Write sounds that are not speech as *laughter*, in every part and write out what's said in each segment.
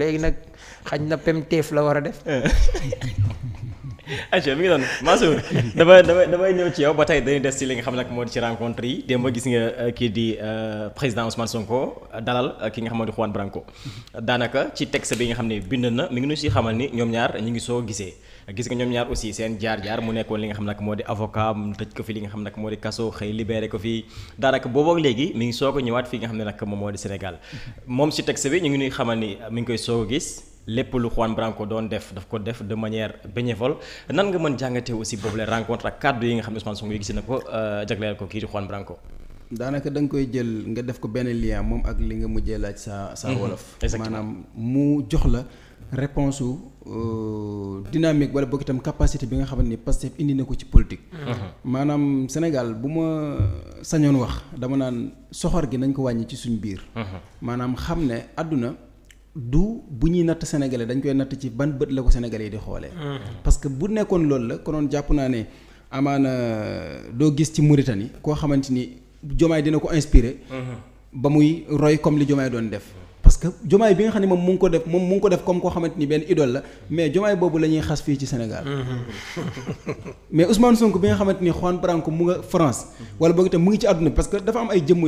léegi nag xaj na pemteef la war a def. atia *laughs* mi ngi doon Mansour damay damay damay ñëw ci yow ba tey dañuy des ci li nga xam nag moo di ci rencontre yi ma gis nga euh, kii di euh, président Ousmane Sonko euh, dalal ki nga xam ne Juan Branco *laughs* daanaka ci texte bi nga xam ne bind na mi ngi nu si xamal ni ñoom ñaar ñu ngi soo gisee. gis nga ñoom ñaar aussi seen jaar-jaar mu nekkoon li nga xam nag moo di avocat mu tëj ko fi li nga xam nag moo di kaso xëy libéré ko fi daanaka booboog mi ngi soog a fi nga xam ne nag moom moo di moom si texte bi ñu ngi ñuy xamal ni mi ngi koy soog a gis lépp lu Juan Branco doon def daf ko def de manière bénévole nan nga mën jàngatee aussi boobu la rencontre ak kàddu yi nga xam ne Ousmane Sonko na ko euh, jagleel ko kii di Juan Branco daanaka da nga koy jël nga def ko benn lien moom ak li nga mujjee laaj sa sa mhm. wolof maanaam mu jox la réponse su euh, dynamique wala boog itam capacité bi nga xamante ni Pastef indi na ko ci politique. Mm-hmm. maanaam Sénégal bu ma sañoon wax dama naan soxor gi nañ ko wàññi ci suñ biir. Mm-hmm. maanaam xam ne àdduna du bu ñuy natt sénégalais dañ koy natt ci ban bët la ko sénégalais di xoolee. Mm-hmm. parce que bu nekkoon loolu la konoon jàpp naa ne amaana doo gis ci Mauritanie koo xamante ni Diomaye dina ko inspiré. ba muy roy comme li Diomaye doon def. parce que jomaay bi nga xam ne moom mu ngi ko def moom mu ngi ko def comme koo xamante ni benn idole la mais jomaay boobu la ñuy xas fii ci Sénégal mm-hmm. mais Ousmane Sonko bi nga xamante ni Juan Branco mu mu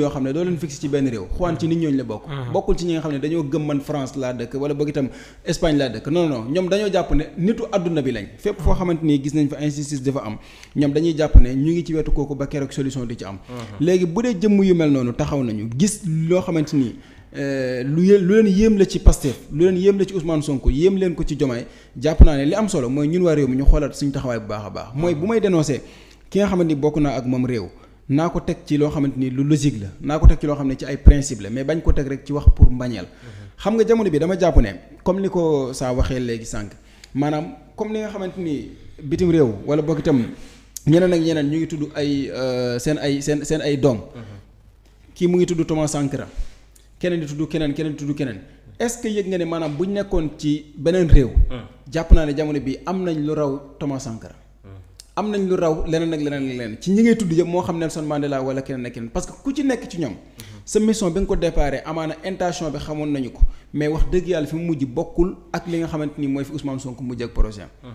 yoo xam ne doo leen fixé ci benn réew Juan ci nit ñooñu la bokk mm-hmm. bokkul nga xam ne France laa dëkk itam Espagne laa dëkk non non ñoom dañoo jàpp ne nitu àdduna bi lañ fépp foo xamante ni gis nañ fa injustice dafa am ñoom dañuy jàpp ne ñu ngi ci wetu kooku ba keroog solution di ci am mm-hmm. léegi bu dee jëmm yu mel noonu taxaw Euh, lu yë lu leen yéem la ci Pastef lu leen yéem la ci usman Sonko yéem leen ko ci Diomaye jàpp naa ne li am solo mooy ñun waa réew mi ñu xoolaat suñu taxawaay bu baax a baax mooy bu may dénoncé ki nga xamante ni bokk naa ak moom réew naa ko teg ci loo xamante ni lu logique la naa ko teg ci loo xam ne ci ay principe la mais bañ ko teg rek ci wax pour mbañeel xam nga jamono bi dama jàpp ne comme ni ko saa waxee léegi sànq maanaam comme ni nga xamante ni bitim réew wala boog itam ñeneen ak ñeneen ñu ngi tudd ay euh, seen ay seen seen ay doom mu ngi tudd Thomas Sankara keneen di tudd keneen keneen di tudd keneen est yëg nga ne maanaam bu nekkoon ci beneen réew. Hmm. jàpp naa ne jamono bi am nañ lu raw Thomas Sankara. Hmm. am nañ lu raw leneen ak leneen ak leneen ci ñi ngay tudd yëpp moo xam Nelson Mandela wala keneen ak keneen parce que ku ci nekk ci ñoom. Hmm. sa mission bi nga ko déparé amaana intention bi xamoon nañu ko mais wax dëgg yàlla fi mu mujj bokkul ak li nga xamante ni mooy fi Ousmane Sonko mujj ak projet am.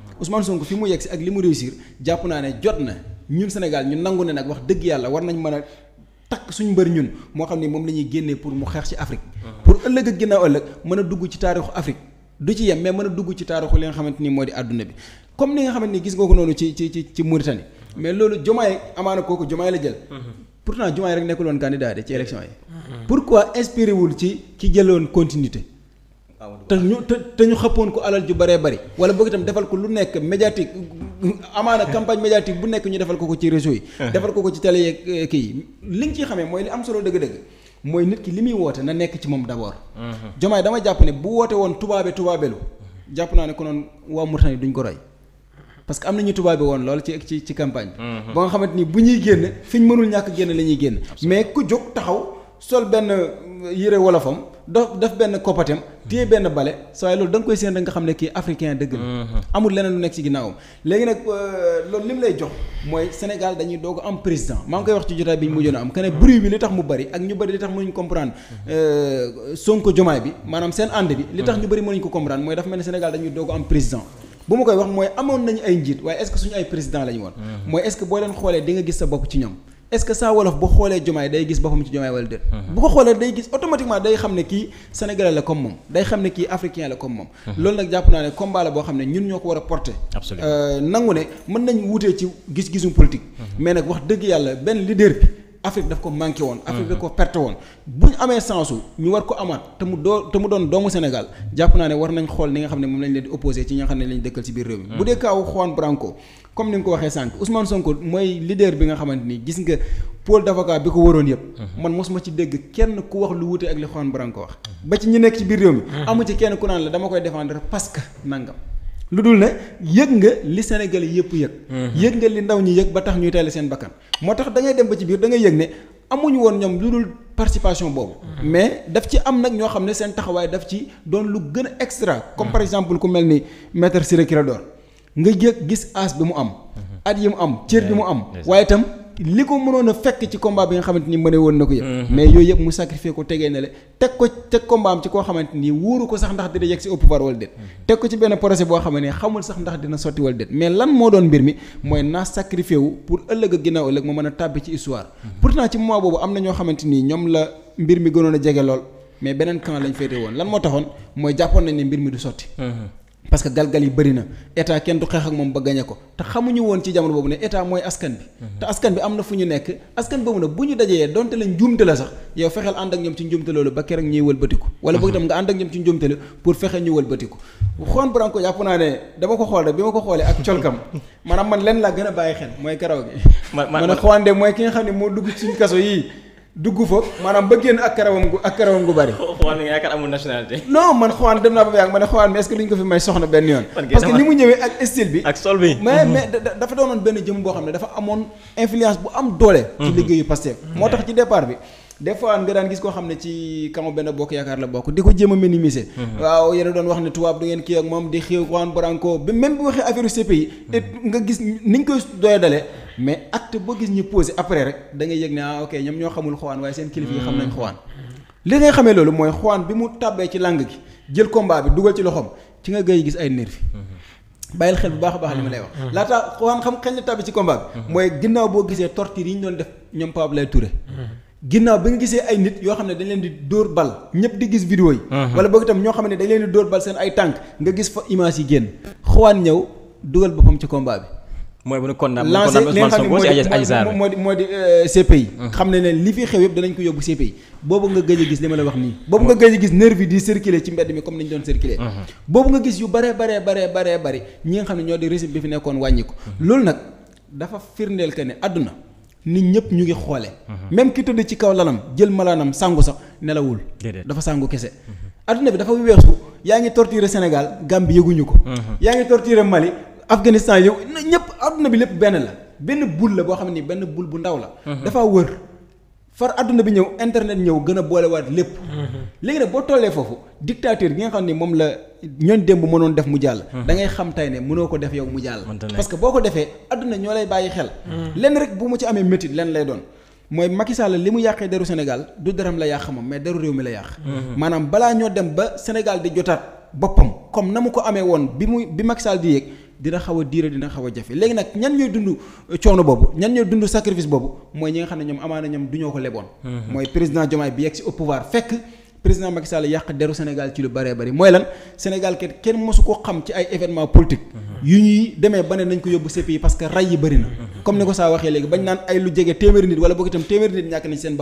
na ñun Sénégal wax dëgg yàlla war nañ takk suñu mbër ñun moo xam ne moom la ñuy pour mu xeex ci Afrique. Ah. pour ëllëg ak ginnaaw ëllëg mën a dugg ci taarixu Afrique du ci yem mais mën a dugg ci taarixu li nga xamante ni moo di àdduna bi comme li nga xamante ni gis nga ko noonu ci ci ci ci mais loolu Diomaye amaana kooku Diomaye la jël. Mm-hmm. pourtant Diomaye rek nekkuloon candidat de ci élection yi. Mm-hmm. pourquoi inspiré wul ci ki jëloon continuité. te ñu te te ñu xëppoon ko alal ju bëree bëri wala boog itam defal ko lu nekk médiatique amaana campagne médiatique bu nekk ñu defal ko ko ci réseau yi uh-huh. defal ko ko ci télé yeeg eh, kii li xamee mooy li am solo dëgg-dëgg mooy nit ki li muy woote na nekk ci moom d'abord uh-huh. jomaay dama jàpp ne bu woote woon tubaabe tubaabelu jàpp naa ne ko noon waa Mauritanie duñ ko roy parce que am na ñu tubaabe woon lool ci ci ci campagne bi uh-huh. ba nga xamante ni bu ñuy génn fi ñu mënul ñàkk génn la ñuy génn mais ku taxaw sol benn yére wolofam dof def benn koppatem téye benn bale saa waaye loolu da koy séen rek nga xam ne kii africain dëgg la. Mhm. amul leneen lu nekk ci ginnaawam. léegi nag euh, loolu lim lay jox mooy Sénégal dañuy doog am président maa ngi koy wax bi a am que ne bruit bi li tax mu ñu bëri li tax mënuñ comprendre mhm. euh, Sonko Diomaye bi maanaam seen ànd bi. li tax ñu bëri mënuñ ko comprendre mooy dafa mel ne Sénégal dañuy doog am président. bu ma koy wax mooy amoon nañu ay njiit waaye est mhm. di nga gis sa bopp ci est-ce que saa wolof bu xoolee Diomaye day gis boppam ci Diomaye wala déet mhm. bu ko xoolee day gis automatiquement day xam ne kii sénégalais la comme moom day xam ne kii africain la comme moom mhm. loolu nag ne combat la boo xam ne ñun ñoo ko war a porter absolument euh, wutee ci gis-gisum politique mhm. mais nag wax dëgg yàlla benn leader bi Afrique daf ko manqué woon. Afrique ko perte woon. bu ñu amee sensu ñu war ko amaat te mu doo te mu doon doomu Sénégal jàpp naa ne war nañ xool ni nga xam ne moom lañ leen di opposé ci ñi nga xam ne lañ dëkkal ci biir réew mi. bu comme ni nga ko waxee sànq Ousmane Sonko mooy leader bi nga xamante ni gis nga pôle d'avocat bi ko waroon yëpp. Mhm. man mosuma ci dégg kenn ku wax lu wute ak li Juan ko wax. ba ci ñi nekk ci biir réew mi. Mhm. amu ci kenn ku naan la dama koy défendre parce que nangam. lu dul ne yëg nga li Sénégal yëpp yëg. Mhm. yëg nga li ndaw ñi yëg ba tax ñuy teel seen bakkan moo tax dangay dem ba ci biir da ngay yëg ne amuñu woon ñoom lu dul participation boobu. mais daf ci am nag ñoo xam ne seen taxawaay daf ci doon lu gën a comme par exemple ku mel ni maître Ciré Clédor nga jëkk gis as bi mu am. Mhm. at yi mu am cër bi mu am. waaye itam li ko mënoon a fekk ci combat bi nga xamante ni mëne woon na ko yëpp. Mhm. mais yooyu yëpp mu sacrifié ko tegee na le teg ko teg combat am ci koo xamante ni wóoru ko sax ndax dina yegg si au pouvoir wala déet. Mhm. ko ci benn projet boo xam ne xamul sax ndax dina sotti wala déet mais lan moo doon mbir mi mooy naa sacrifié wu pour ëllëg ak ginnaaw ëllëg mu mën a tàbbi ci histoire. pourtant ci moment boobu am na ñoo xamante ni ñoom la mbir mi gënoon a jege lool mais beneen camp lañ féete woon lan moo taxoon mooy jàppoon nañ ne mbir mi du sotti parce que galgal yi bëri na état kenn du xeex ak moom ba gañe ko te xamuñu woon ci jamono boobu ne état mooy askan bi mhm. te askan bi am na fu ñu nekk askan boobu nag bu ñu dajee donte la njuumte la sax yow fexeel ànd ak ñoom ci njuumte loolu ba keroog ñuy wëlbatiku wala boog mhm. itam nga ànd ak ñoom ci njuumte la pour fexe ñu wëlbatiku Juan Branco jàpp naa ne dama ko xool rek bi ma ko xoolee ak colkam maanaam man lenn laa gën a bàyyi xel mooy karaw gi man a Juan de mooy ki nga xam ne moo dugg suñ dugg fa maanaam ba génn ak karawam gu ak karawam gu bari. xawaan *laughs* nga yaakaar non man xawaan dem naa ba yàgg ma ne xawaan mais est-ce que ko fi may soxna benn yoon. parce que ni mu ñëwee ak style bi. ak sol bi. mais mhm. mais dafa doonoon benn jëm boo xam ne dafa amoon influence bu am doole. ci mhm. liggéeyu Pastef moo tax ci départ bi. des fois nga daan gis ko xam ne ci kama benn bokk yaakaar la bokk di ko jéem a minimiser. Mhm. waaw yéen a doon wax ne tubaab du ngeen kii ak moom di xiw Juan Branco bi même mhm. boo gis ñu après rek da ngay yëg ne ah ok ñoom ñoo xamul Juan waaye seen kilifa yi xam nañ mhm. Juan. li ngay xamee loolu mooy Juan bi mu tàbbee ci làng gi jël combat bi dugal ci loxoom ci nga gëy gis ay nervi bàyyil xel bu baax a baax li ma lay wax. laata Juan xam xel la tàbbi ci combat bi. mooy ginnaaw boo gisee torture yi ñu doon def ñoom Pape lay Touré. ginnaaw bi nga gisee ay nit yoo xam ne dañ leen di dóor bal ñëpp di gis vidéo yi. Uh-huh. wala boog itam ñoo xam ne dañ leen di dóor bal seen ay tànk nga gis fa image yi génn xawaan ñëw dugal boppam ci combat bi. mooy bu ñu condamné Ousmane Sonko ci Adji Sarr moo di moo di euh, CPI. Uh-huh. xam ne li fi xew yëpp danañ yóbbu CPI boobu nga a gis li ma la wax nii. boobu nga gëj a gis nervi di circuler ci mbedd mi comme ni ñu doon circuler. Uh-huh. boobu nga gis yu bare bare bare bare bare ñi nga xam ne ñoo di régime bi fi nekkoon wàññi ko. loolu nag dafa firndeel que ne àdduna nit ñëpp ñu ngi xoole mhm. même ki tëdd ci kaw lanam jël malaanam sangu sax nelawul dafa sangu kese mhm. adduna bi dafa weesu yaa ngi torturer Sénégal Gambie yëguñu ko mhm. yaa ngi torturer Mali Afghanistan yëgu ñëpp adduna bi lépp benn la benn bul la boo xam ne benn bul bu ndaw la dafa wër far adduna bi ñëw internet ñëw gën a boolewaat lépp. Mm-hmm. léegi nag boo tollee foofu dictature bi nga xam ni moom la ñooñ démb mënoon def mu jàll. Mm-hmm. da xam tey ne mënoo ko def yow mu jàll. parce que boo ko defee adduna ñoo lay bàyyi xel. Mm-hmm. lenn rek bu mu ci amee métit lenn lay doon. mooy Macky Sall li mu yàqee deru Sénégal du deram la yàq moom mais deru réew mi la yàq. maanaam balaa ñoo dem ba Sénégal di jotaat boppam comme na mu ko amee woon bi mu bi mag Sall di yéeg. dina xaw a dina xaw a jafe léegi nag ñan ñooy dund coono boobu ñan ñooy dund sacrifice boobu mooy ñi nga xam ne ñoom amaana ñoom du ko leboon mm-hmm. mooy président Diomaye bi yegg si au pouvoir fekk président Macky yàq deru Sénégal ci lu bëree bari mooy lan Sénégal kat kenn mosu ko xam ci ay événement politique mm-hmm. yu ñuy demee ba ne nañ ko yóbbu CPI parce que ray bëri na mm-hmm. comme ni waxee léegi bañ naan ay lu jege téeméeri nit wala boog itam téeméeri nit ñàkk nañ seen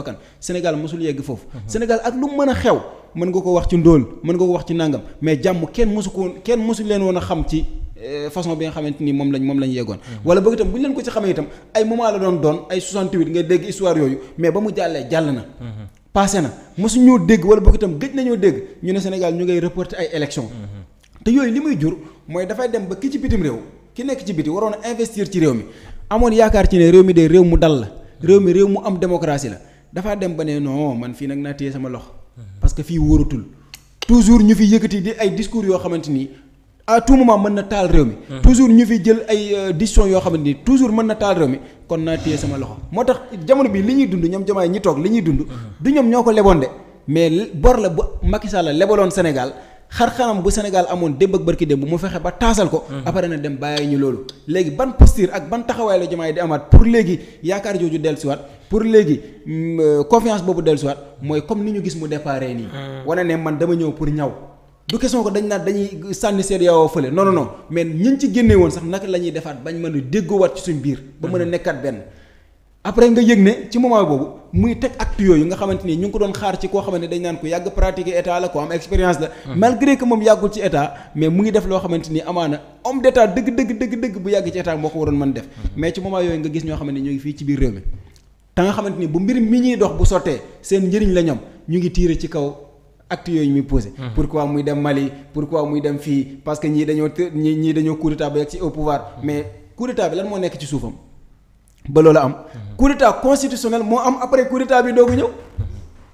foofu Sénégal ak lu mën a xew mën nga ko wax ci ndóol mën nga wax ci nàngam mais jàmm kenn mosu ko kenn mosu leen woon a xam ci Euh, façon bi nga xamante ni moom lañ moom lañ yeggoon wala boog itam bu ñu leen ko ci xamee itam ay moment la doon doon ay 68 nga dégg histoire yooyu mais ba mu jàllee jàll na mhm. passé na mosu ñoo dégg wala boog itam gëj nañoo dégg ñu ne Sénégal ñu ngay reporter ay élection mhm. te yooyu li muy jur mooy dafay dem ba ki ci bitim réew ki nekk ci biti waroon a investir ci réew mi amoon yaakaar ci ne réew mi de réew mu dal la réew mi réew mu am démocratie la dafaa dem ba ne non man fii nag naa téye sama loxo mhm. parce que fii wóoratul toujours ñu fi yëkkati di ay discours yoo xamante ni à tout moment mën na taal réew mi. toujours ñu fi jël ay euh, décisions yoo xamante ni toujours mën na taal réew mi kon naa téye sama loxo moo tax jamono bi li ñuy dund ñoom jamaay ñi toog li ñuy dund. du ñoom ñoo ko leboon de mais bor la bu Macky Sall la lebaloon Sénégal. xar-xaram bu Sénégal amoon démb ak dem démb mu fexe ba taasal ko. après na dem bàyyi ñu loolu. léegi ban posture ak ban taxawaay la jamaay di amaat pour léegi yaakaar jooju dellusiwaat pour léegi mm, euh, confiance boobu dellusiwaat mooy comme ni ñu gis mu déparé nii. wane ne man dama ñëw pour ñaw. du question ko dañ naan dañuy sànni seen yow fële non non non mais ñi ci génne sax naka la ñuy defaat bañ mën a déggoowaat ci suñ biir. ba mën a mm-hmm. nekkaat benn. après nga yëg ne ci moment boobu muy teg acte yooyu nga xamante ni ñu ngi ko doon xaar ci koo xamante ne dañ naan ko yàgg pratiquer état la ko am expérience mm-hmm. mu ngi def loo xamante ni amaana homme d' état dëgg dëgg dëgg dëgg bu yàgg ci état moo ko waroon mën def. Mm-hmm. mais ci moment yooyu nga gis ñoo xamante ni ñu ngi fii ci biir réew mi. te nga xamante ni bu mbir mi ñuy dox bu sottee seen njëriñ la ñoom ñu ngi tiire ci kaw actes yooyu muy posé. pourquoi muy dem Mali pourquoi muy dem fii parce que ñii dañoo të ñii ñii dañoo coup d'état ba yegg ci au pouvoir mais coup d'état bi lan moo nekk ci suufam ba loolu am. coup d'état constitutionnel moo am après coup d'état bi doogu ñëw.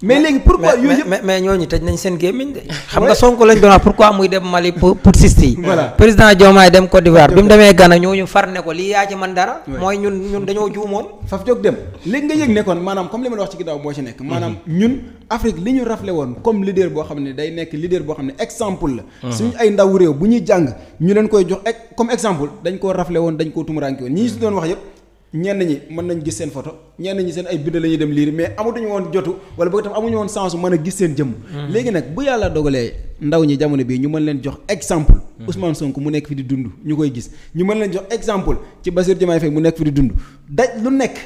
mais léegi pourquoi yooyu yëpp mais ñooñu tëj nañ seen gémmiñ de xam nga Sonko lañ doon wax pourquoi muy dem Mali pour pour siste yi président Diomaye dem Côte d'Ivoire bi mu demee Ghana ñooñu far ne ko li yaa ci man dara mooy ñun ñun dañoo juumoon faf jóg dem léegi nga yëg ne maanaam comme li ma la wax ci ginnaaw moo ci nekk mm-hmm. maanaam ñun Afrique li ñu rafle woon comme leader boo xam ne day nekk leader boo xam ne exemple la mm-hmm. suñu ay ndaw réew bu ñuy jàng ñu leen koy jox e-, comme exemple dañ koo rafle woon dañ koo tumuraanki woon ñi ñu si ñenn ñi mën nañ gis seen foto ñenn ñi seen ay bind la ñuy dem liir mais amatuñu woon jotu wala boog itam amuñu woon sens mën a gis seen jëmm. Mm. léegi nag bu yàlla dogalee ndaw ñi jamono bii ñu mën leen jox exemple. Mm-hmm. Ousmane sonk mu nekk fi di dund ñu koy gis ñu mën leen jox exemple ci Bassirou Diomaye Faye mu nekk fi di dund daj lu nekk.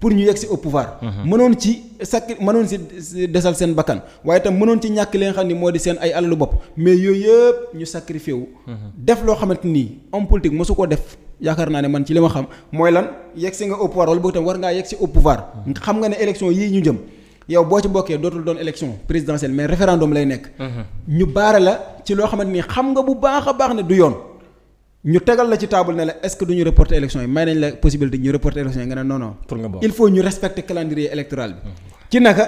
pour ñu yegg si au pouvoir. Mm-hmm. mënoon ci sakk mënoon si desal seen bakkan waaye tam mënoon ci ñàkk li xam ni moo di seen ay alalu bopp mais yooyu yëpp ñu sacrifié wu. Mm-hmm. def loo xamante ni homme politique mosu def. yaakaar naa ne man ci li ma xam mooy lan yegg si nga au pouvoir wala boog tam war ngaa yegg si au pouvoir xam nga ne élection yii ñu jëm yow boo ci bokkee dootul doon élection présidentielle mais référendum lay nekk mhm. ñu baare la ci loo xamante ni xam nga bu baax a baax ne du yoon ñu tegal la ci table ne la est-ce que du ñu reporter élection yi may nañ la possibilité ñu reporter élection yi nga ne non non pour nga il faut ñu respecter calendrier électoral bi mhm. ci naka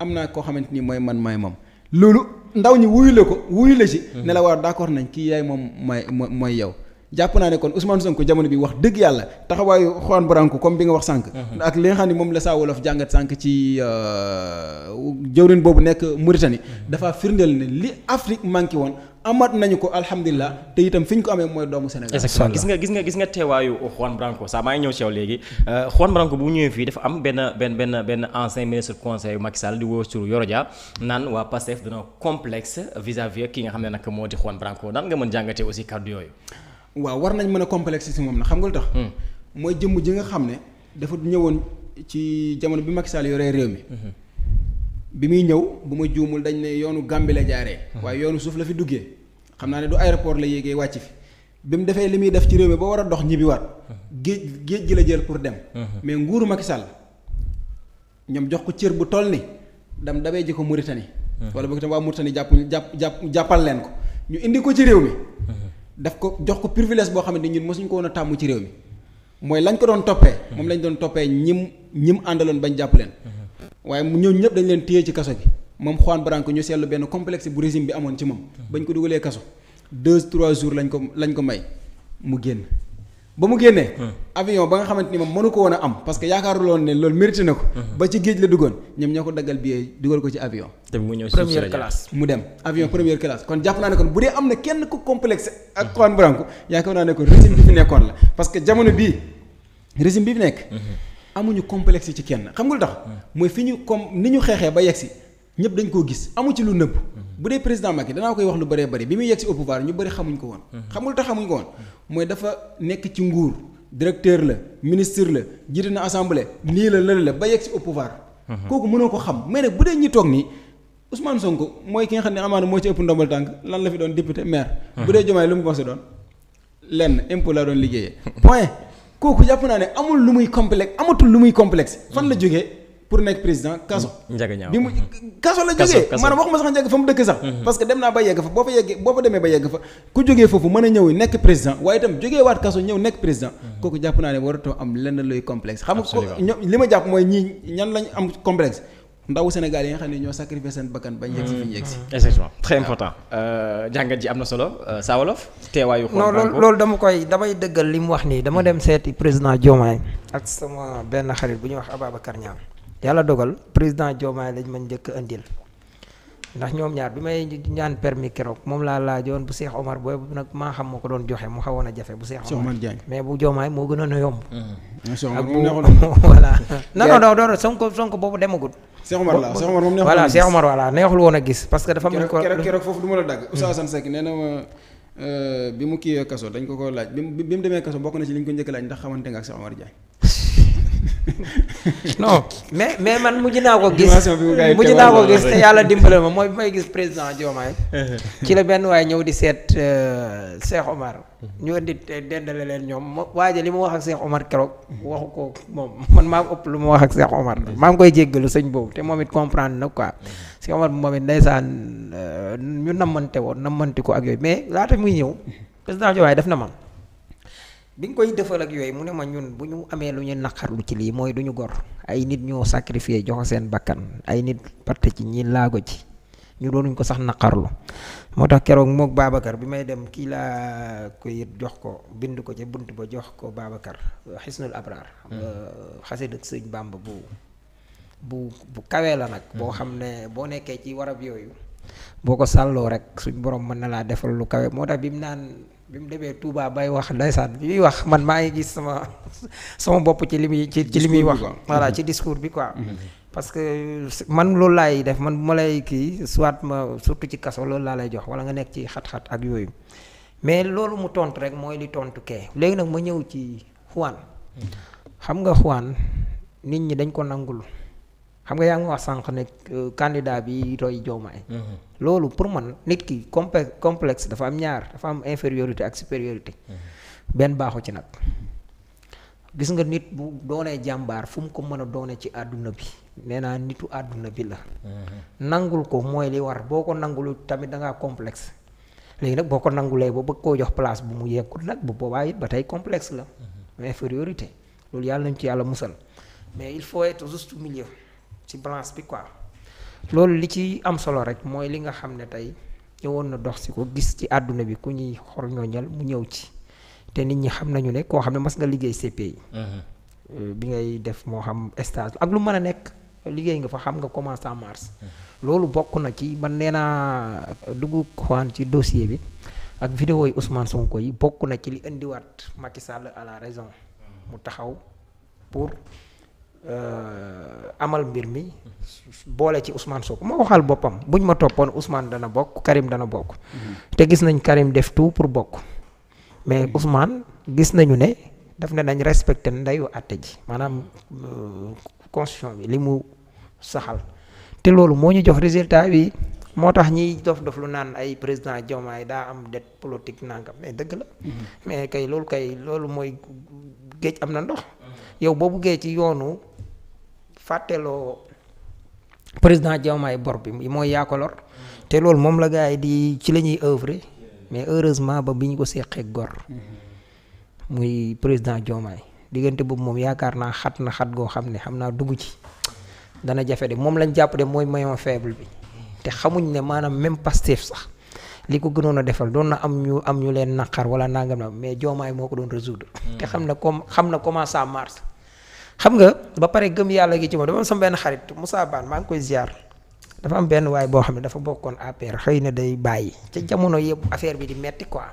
am naa koo xamante ni mooy man maay moom loolu ndaw ñi wuyu ko wuyu la ci mhm. ne la waaw d'accord nañ kii yaay moom mooy mooy yow jàpp naa ne kon Ousmane Sonko jamono bi wax dëgg yàlla taxawaayu Juan Branco comme bi nga wax sànq. Mhm. ak li xam ne moom la saa wolof jàngat sànq ci euh, jëwrin boobu nekk Mauritanie. Mhm. dafa firndeel ne li Afrique manqué woon. amat nañu ko alhamdulilah te itam fi ñu ko amee mooy doomu Sénégal. exactement gis nga gis nga gis nga teewaayu Juan Branco sax maa ngi ñëw ci yow léegi euh, Juan Branco bu ñëwee fii dafa am benn benn benn benn ancien ministre conseil Macky Sall di woo sur Yoroja naan waa Pastef dana complexe vis nga xam ne nag moo di Juan Branco nan nga mën jàngatee aussi kàddu yooyu. waaw war nañ mën a complexe si moom na xam nga lu tax. Hmm. mooy jëmm ji nga xam ne dafa ñëwoon ci jamono bi Macky Sall yoree réew mi. Hmm. bi muy ñëw bu ma juumul dañ ne yoonu Gàmbi la jaaree. Hmm. waaye yoonu suuf la fi duggee xam naa ne du aéroport la yéegee wàcc fi bi mu defee li muy def ci réew mi ba war a dox ñibbiwaat. géej géej gi la jël pour dem. mais nguuru Macky Sall ñoom jox ko cër bu toll ni dam dabee ji ko tani wala boog itam waa Mauritanie jàpp jàpp jàppal leen ko ñu indi ko ci réew mi. daf ko jox ko privilège boo xam ne ñun mosuñ ko woon a tàmm ci réew mi mooy lañ ko doon toppee. moom lañ doon toppee ñim ñim àndaloon bañ jàpp leen. waaye ñoom ñëpp dañ leen téye ci kaso gi moom Juan Branco ñu seetlu benn complexe bu régime bi amoon ci moom. bañ ko dugalee kaso deux trois jours lañ ko lañ ko may mu génn. ba mu génnee. Hmm. avion ba nga xamante ni moom mënu ko woon a am parce que yaakaaruloon ne loolu mérité na ko. Hmm. ba ci géej la duggoon ñoom ñoo ko daggal billet dugal ko ci avion. te mu première classe mu dem avion première classe kon jàpp naa ne bu dee am na kenn ku complexe. ak hmm. Juan Branco yaakaar naa ne ko bi fi nekkoon la parce que jamono bii régime bi fi nekk. amuñu complexe ci kenn xam nga lu tax. mooy fi ñu comme ni ñu xeexee ba yegsi. ñëpp dañ koo gis amu ci lu nëbb mm-hmm. bu dee président Macky danaa koy wax lu bëree bëri bi muy yegg si au ñu bëri xamuñ ko woon xam nga lu tax xamuñ ko woon mooy dafa nekk ci nguur directeur la ministre la jiite na assemblée nii la lële la ba yegg si au mm-hmm. kooku mënoo ko xam mais bu dee ñi toog nii Ousmane Sonko mooy ki nga xam ne amaana moo ci ëpp ndombal tànk lan la fi doon député maire bu dee mm-hmm. Diomaye lu mu commencé doon lenn impôt laa doon liggéeyee point kooku jàpp naa ne amul lu muy complexe amatul lu muy complexe fan la jógee pour nekk président kaso. Mm-hmm. njëgëjëf bi mu kaso la jógee. maanaam waxuma sax njëgë fa mu dëkk sax. Mm-hmm. parce que dem naa ba yegg fa boo fa yeggee boo fa demee ba yegg fa ku jógee foofu mën a ñëw nekk président waaye itam jógee waat kaso ñëw nekk président. Mm-hmm. kooku jàpp naa ne waratoo am lenn luy complexe. xam nga ñoom li ma jàpp mooy ñii ñan lañ am complexe. ndawu yi nga xam ne ñoo sacrifié seen bakkan bañ yegg si fi ñu yegg si. exactement très important. Euh, jàngat ji am na solo euh, Sa Wolof teewaayu. non loolu loolu dama koy damay dëggal li mu wax nii dama dem seeti président Diomaye ak sama benn xarit bu ñuy wax Ababacar Niang yàlla dogal président Diomaye lañ ma njëkk indil ndax ñoom ñaar bi may ñaan permis keroog moom laa laajoon bu Cheikh Omar booy nag maa xam moo ko doon joxe mu xawoon a jafe bu seex Omar mais bu Diomaye moo gënoon a yomb. Mm. ak bu *laughs* voilà. *laughs* non non boobu demagul. Cheikh Omar la Cheikh Omar moom neexul woon a gis parce que dafa am. ñu ko keroog keroog foofu du ma la dagg. Hmm. Oustaz Assane Seck nee na euh, bi mu kii kaso dañ ko ko laaj bi mu demee kaso bokk na ci li ko njëkk laaj ndax xamante nga ak Cheikh Omar Diagne non mais mais man mujj naa ko gis mujj naa ko gis te yàlla dimbale ma mooy may gis président Diomaye *laughs* ci la benn waaye ñëw di seet euh, Cheikh Omar ñu indi dendale leen ñoom waaja li mu wax ak Cheikh Omar keroog waxu ko moom man maa ëpp lu mu wax ak Cheikh Omar maa ngi koy jéggalu sëñ boobu te moom it comprendre na ko Cheikh Omar moom it ndeysaan euh, ñu nammante woon nammante ko ak yooyu mais laata muy ñëw président Diomaye def na man bi nga koy defal ak yooyu mu ne ma ñun bu ñu amee lu ñu naqarlu ci lii mooy duñu gor ay nit ñoo sacrifié joxe seen bakkan ay nit parte ci ñi laago ci ñu doonuñ ko sax naqarlu moo tax keroog moog Babacar bi may dem kii laa koy jox ko bind ko ca bunt ba jox ko Babacar xisnul abraar xase dëkk sëñ bàmb bu bu bu kawee la nag hmm. boo xam ne boo nekkee ci warab yooyu boo ko sàlloo rek suñ borom mën na laa defal lu kawe moo tax bi mu naan bi mu demee Touba bay wax ndeysaan bi muy wax man maa ngi gis sama sama bopp ci li muy ci li muy wax voilà mm-hmm. ci discours bi quoi mm-hmm. parce que man loolu laay def man bu ma lay kii soit ma surtout ci kaso loolu laa lay jox wala nga nekk ci xat-xat ak yooyu mais loolu mu tontu rek mooy li tontu kee léegi nag ma ñëw ci Juan mm-hmm. xam nga xuwaan nit ñi dañ ko nangul xam nga yaa ngi wax sànq ne euh, candidat bi roy Diomaye mhm. loolu pour man nit ki complexe dafa am ñaar dafa am infériorité ak supériorité. Mhm. benn baaxu ci nag. gis nga nit bu doonee jàmbaar fu mu ko mën a doone ci àdduna bi nee naa nitu àdduna bi la. Mhm. nangul ko mooy li war boo ko nangul tamit danga ngaa complexe. léegi nag boo ko nangulee ba bëgg koo jox place bu mu yekkul nag bu boobaay ba tey complexe la. infériorité loolu yàlla nañ ci yàlla musal. mais il faut être ci balance bi quoi loolu li ci am solo rek mooy li nga xam ne tey ñëwoon na dox si ko gis ci àdduna bi ku ñuy xor ñooñal mu ñëw ci te nit ñi xam nañu ne koo xam ne mas nga liggéey CPI. Mhm. Euh, bi ngay def moo xam stage ak lu mën a nekk liggéey nga fa xam nga commencé en mars. Mhm. loolu bokk na ci man nee naa euh, dugg xawaan ci dossier bi ak vidéo yi Ousmane Sonko yi bokk na ci li indiwaat Macky Sall à la raison. Mhm. mu taxaw pour. Euh, amal mbir mi boole ci Ousmane Sonko moo waxal boppam buñ ma toppoon Ousmane dana bokk Karim dana bokk. Mhm. te gis nañ Karim def tout pour bokk mais mhm. Ousmane gis nañu ne daf ne nañ respecté ndeyu àtte ji maanaam euh, constitution bi li mu saxal te loolu moo ñu jox résultat bi moo tax ñiy dof dof lu naan ay président Diomaye daa am dette politique nangam mais dëgg la. Mhm. mais kay loolu kay loolu mooy géej am na ndox. yow boo buggee ci yoonu. fàtteloo président Diomaye bor bi mooy yaa ko lor te loolu moom la gars yi di ci la ñuy œuvrer mais heureusement ba bi ñu ko seqee gor muy président Diomaye diggante boobu moom yaakaar naa xat na xat goo xam ne xam naa dugg ci dana jafe de moom lañ jàpp de mooy maillon faible bi te xamuñ ne maanaam même Pastef sax li ko gënoon a defal doon na am ñu am ñu leen naqar wala nangam na mais Diomaye moo ko doon résoudre. te xam na comme xam xam nga ba pare gëm yàlla gi ci moom dafa sama benn xarit Moussa Bane maa koy ziar dafa am benn waaye boo xam ne dafa bokkoon APR xëy na day bàyyi ca jamono yëpp affaire bi di metti quoi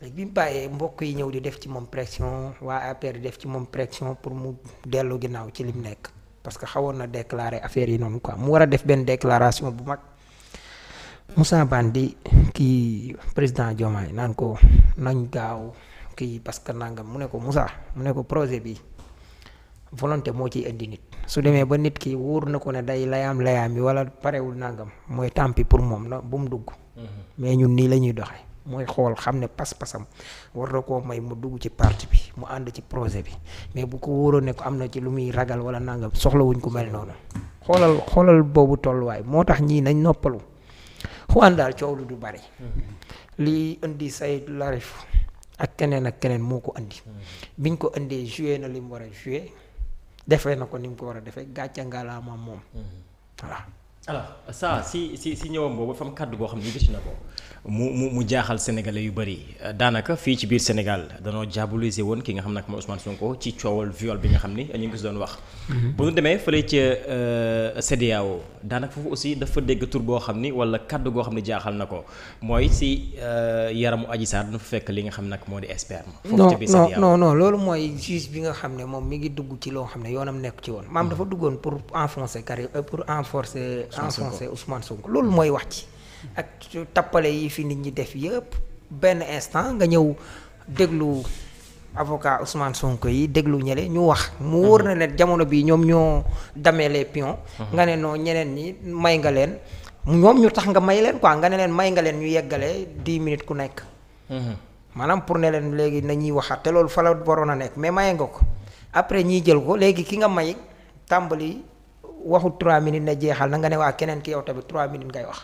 léegi bi mu bàyyee mbokk yi ñëw di def ci moom pression waa APR di def ci moom pression pour mu dellu ginnaaw ci lim nekk parce que xawoon na déclarer affaire yi noonu quoi mu war a def benn déclaration bu mag Moussa Bane di kii président Diomaye naan ko nañ gaaw kii parce que nangam mu ne ko Moussa mu ne ko projet bi volonté moo ci indi nit su demee ba nit ki wóor na ko ne day layaam layaam bi wala parewul nangam mooy tàmpi pour moom la bu mu dugg mhm. mais ñun nii la ñuy doxee mooy xool xam ne pas-pasam war na koo may mu dugg ci parti bi mu ànd ci projet bi mais bu ko wóoroo ne ko am na ci lu muy ragal wala nangam soxlawuñ ko mel noonu xoolal xoolal boobu tolluwaay moo tax ñii nañ noppalu xu daal coow lu du bari mhm. lii indi Sayid Larif ak keneen ak keneen moo ko indi mhm. ko indee joué na li mu war a joué defe na ko ni mu ko war a defee gàcce ngalaama moom mm-hmm. voilà. alors ça si si si ñëwam boobu fam kàddu goo xam ne gis na ko mu mu mu jaaxal yu bëri euh, daanaka fii ci biir Sénégal danoo diaboliser woon ki nga xam nag mooy Ousmane Sonko ci coowal viol bi nga xam ni ñu ngi si doon wax. Mhm. bu ñu demee fële ca euh, CEDEAO foofu aussi dafa dégg boo xam ni wala kàddu goo xam ne jaaxal na ko mooy si euh, yaramu Adji Sarr dafa fekk li xam nag moo di sperme. foofu ci biir CEDEAO non loolu mooy juge bi nga xam ne moom mi ngi dugg ci loo xam ne yoonam nekk ci woon. maam mhm. dafa duggoon pour enfoncer carré pour enforcer. enfoncé Ousmane Sonko loolu mooy wax ci ak tappale yi fi nit ñi def yëpp benn instant nga ñëw déglu avocat Ousmane Sonko yi déglu ñële ñu wax mu wër na mhm. leen jamono bi ñoom ñoo damele pion mhm. nga ne noo ñeneen ñi may nga leen ñoom ñu tax nga may leen quoi nga ne leen may nga leen ñu yeggale dix minutes ku nekk mhm. maanaam pour ne leen léegi na nañuy waxaat te loolu fa la waroon a nekk mais may nga ko après ñiy jël ko léegi ki nga may tàmbali waxu trois minutes na jeexal na nga ne waa keneen ki yow tamit trois minutes ngay wax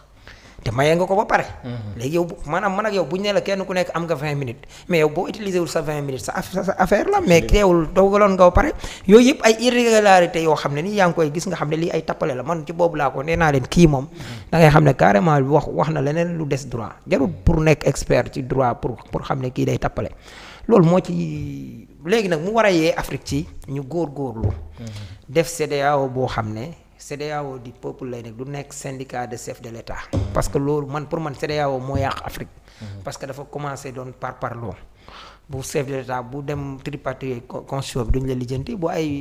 te maye nga ko ba pare. Mhm. léegi yow maanaam man ak yow bu ñu ne la kenn ku nekk am nga vingt minutes mais yow boo utilisé wul sa vingt minutes sa affaire la mais teewul dogaloon nga ba pare yooyu yëpp ay irrégularités yoo xam ne ni yaa ngi koy gis nga xam ne lii ay tappale la man ci boobu laa ko nee naa leen kii moom. Mhm. da ngay xam ne carrément wax wax na leneen lu des droit jarul pour nekk expert pour pour xam ne kii day tappale loolu moo ci léegi nag mu war a yee Afrique ci ñu góorgóorlu. Mhm. def CEDEAO boo xam ne CEDEAO di peuple lay nekk du nekk syndicat de chef de l' état. parce que loolu man pour man CEDEAO moo yàq Afrique. Mhm. parce que dafa commencé doon par parloo bu chef de l' bu dem tripartite constitution bi duñ la lijjanti bu ay.